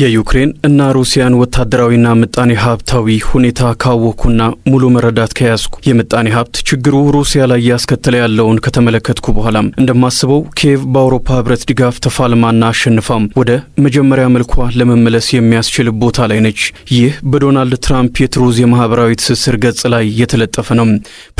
የዩክሬን እና ሩሲያን ወታደራዊና ምጣኔ ሀብታዊ ሁኔታ ካወኩና ሙሉ መረዳት ከያዝኩ የምጣኔ ሀብት ችግሩ ሩሲያ ላይ እያስከተለ ያለውን ከተመለከትኩ በኋላም እንደማስበው ኪየቭ በአውሮፓ ህብረት ድጋፍ ተፋልማና አሸንፋም ወደ መጀመሪያ መልኳ ለመመለስ የሚያስችል ቦታ ላይ ነች። ይህ በዶናልድ ትራምፕ የትሩዝ የማህበራዊ ትስስር ገጽ ላይ የተለጠፈ ነው።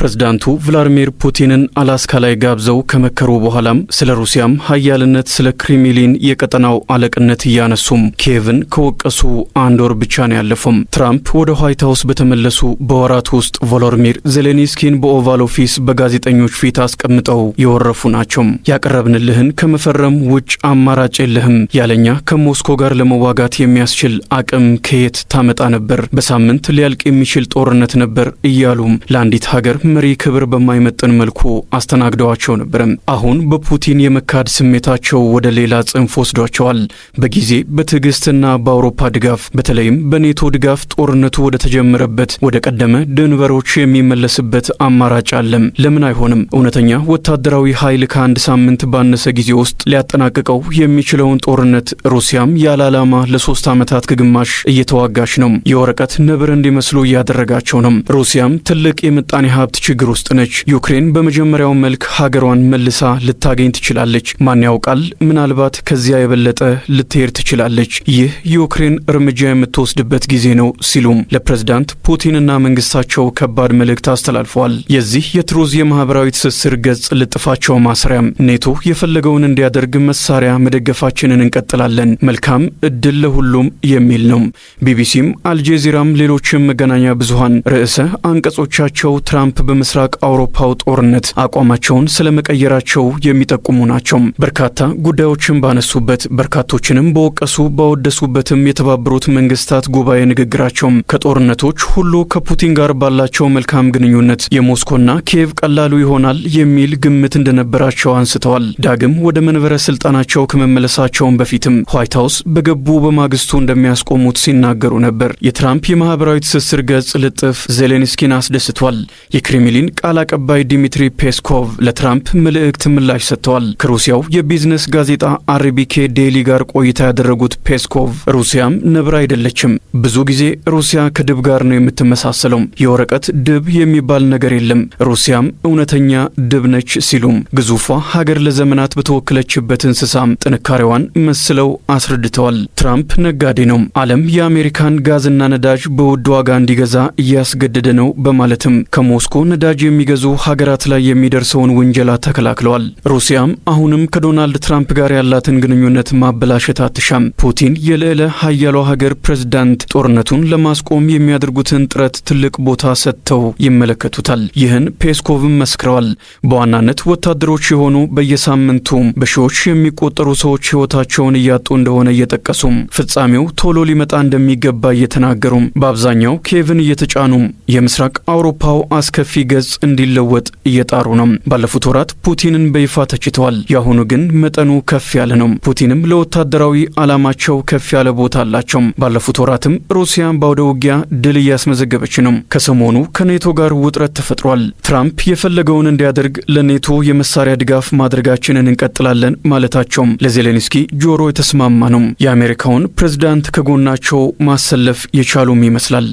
ፕሬዝዳንቱ ቭላዲሚር ፑቲንን አላስካ ላይ ጋብዘው ከመከሩ በኋላም ስለ ሩሲያም ሀያልነት፣ ስለ ክሪምሊን የቀጠናው አለቅነት እያነሱም ኪየቭ ኪየቭን ከወቀሱ አንድ ወር ብቻ ነው ያለፈውም። ትራምፕ ወደ ዋይት ሀውስ በተመለሱ በወራት ውስጥ ቮሎዲሚር ዜሌንስኪን በኦቫል ኦፊስ በጋዜጠኞች ፊት አስቀምጠው የወረፉ ናቸው። ያቀረብንልህን ከመፈረም ውጭ አማራጭ የለህም፣ ያለኛ ከሞስኮ ጋር ለመዋጋት የሚያስችል አቅም ከየት ታመጣ ነበር? በሳምንት ሊያልቅ የሚችል ጦርነት ነበር እያሉም ለአንዲት ሀገር መሪ ክብር በማይመጥን መልኩ አስተናግደዋቸው ነበርም። አሁን በፑቲን የመካድ ስሜታቸው ወደ ሌላ ጽንፍ ወስዷቸዋል። በጊዜ በትዕግስት በዩኤስና በአውሮፓ ድጋፍ በተለይም በኔቶ ድጋፍ ጦርነቱ ወደ ተጀመረበት ወደ ቀደመ ድንበሮች የሚመለስበት አማራጭ አለም። ለምን አይሆንም? እውነተኛ ወታደራዊ ኃይል ከአንድ ሳምንት ባነሰ ጊዜ ውስጥ ሊያጠናቅቀው የሚችለውን ጦርነት ሩሲያም ያለ ዓላማ ለሶስት ዓመታት ከግማሽ እየተዋጋች ነው። የወረቀት ነብር እንዲመስሉ እያደረጋቸው ነው። ሩሲያም ትልቅ የምጣኔ ሀብት ችግር ውስጥ ነች። ዩክሬን በመጀመሪያው መልክ ሀገሯን መልሳ ልታገኝ ትችላለች። ማን ያውቃል? ምናልባት ከዚያ የበለጠ ልትሄድ ትችላለች። ይህ ይህ ዩክሬን እርምጃ የምትወስድበት ጊዜ ነው ሲሉም ለፕሬዝዳንት ፑቲንና መንግስታቸው ከባድ መልእክት አስተላልፈዋል። የዚህ የትሩዝ የማህበራዊ ትስስር ገጽ ልጥፋቸው ማስሪያም ኔቶ የፈለገውን እንዲያደርግ መሳሪያ መደገፋችንን እንቀጥላለን፣ መልካም እድል ለሁሉም የሚል ነው። ቢቢሲም አልጄዚራም፣ ሌሎችም መገናኛ ብዙሃን ርዕሰ አንቀጾቻቸው ትራምፕ በምስራቅ አውሮፓው ጦርነት አቋማቸውን ስለመቀየራቸው የሚጠቁሙ ናቸው። በርካታ ጉዳዮችን ባነሱበት በርካቶችንም በወቀሱ በወደሱ በደረሱበትም የተባበሩት መንግስታት ጉባኤ ንግግራቸውም ከጦርነቶች ሁሉ ከፑቲን ጋር ባላቸው መልካም ግንኙነት የሞስኮና ኪየቭ ቀላሉ ይሆናል የሚል ግምት እንደነበራቸው አንስተዋል። ዳግም ወደ መንበረ ስልጣናቸው ከመመለሳቸውን በፊትም ዋይት ሀውስ በገቡ በማግስቱ እንደሚያስቆሙት ሲናገሩ ነበር። የትራምፕ የማህበራዊ ትስስር ገጽ ልጥፍ ዜሌንስኪን አስደስቷል። የክሬምሊን ቃል አቀባይ ዲሚትሪ ፔስኮቭ ለትራምፕ መልእክት ምላሽ ሰጥተዋል። ከሩሲያው የቢዝነስ ጋዜጣ አርቢኬ ዴሊ ጋር ቆይታ ያደረጉት ፔስኮቭ ሞስኮቭ ሩሲያም ነብር አይደለችም። ብዙ ጊዜ ሩሲያ ከድብ ጋር ነው የምትመሳሰለው። የወረቀት ድብ የሚባል ነገር የለም። ሩሲያም እውነተኛ ድብ ነች ሲሉም ግዙፏ ሀገር ለዘመናት በተወከለችበት እንስሳም ጥንካሬዋን መስለው አስረድተዋል። ትራምፕ ነጋዴ ነው፣ ዓለም የአሜሪካን ጋዝና ነዳጅ በውድ ዋጋ እንዲገዛ እያስገደደ ነው በማለትም ከሞስኮ ነዳጅ የሚገዙ ሀገራት ላይ የሚደርሰውን ውንጀላ ተከላክለዋል። ሩሲያም አሁንም ከዶናልድ ትራምፕ ጋር ያላትን ግንኙነት ማበላሸት አትሻም። ፑቲን የልዕለ ሀያሏ ሀገር ፕሬዝዳንት ጦርነቱን ለማስቆም የሚያደርጉትን ጥረት ትልቅ ቦታ ሰጥተው ይመለከቱታል። ይህን ፔስኮቭም መስክረዋል። በዋናነት ወታደሮች የሆኑ በየሳምንቱ በሺዎች የሚቆጠሩ ሰዎች ሕይወታቸውን እያጡ እንደሆነ እየጠቀሱም ፍጻሜው ቶሎ ሊመጣ እንደሚገባ እየተናገሩም በአብዛኛው ኬቭን እየተጫኑም የምስራቅ አውሮፓው አስከፊ ገጽ እንዲለወጥ እየጣሩ ነው። ባለፉት ወራት ፑቲንን በይፋ ተችተዋል። የአሁኑ ግን መጠኑ ከፍ ያለ ነው። ፑቲንም ለወታደራዊ ዓላማቸው ከፍ ያለ ቦታ አላቸው። ባለፉት ወራትም ሩሲያ በአውደ ውጊያ ድል እያስመዘገበች ነው። ከሰሞኑ ከኔቶ ጋር ውጥረት ተፈጥሯል። ትራምፕ የፈለገውን እንዲያደርግ ለኔቶ የመሳሪያ ድጋፍ ማድረጋችንን እንቀጥላለን ማለታቸውም ለዜሌንስኪ ጆሮ የተስማማ ነው። የአሜሪካውን ፕሬዝዳንት ከጎናቸው ማሰለፍ የቻሉም ይመስላል።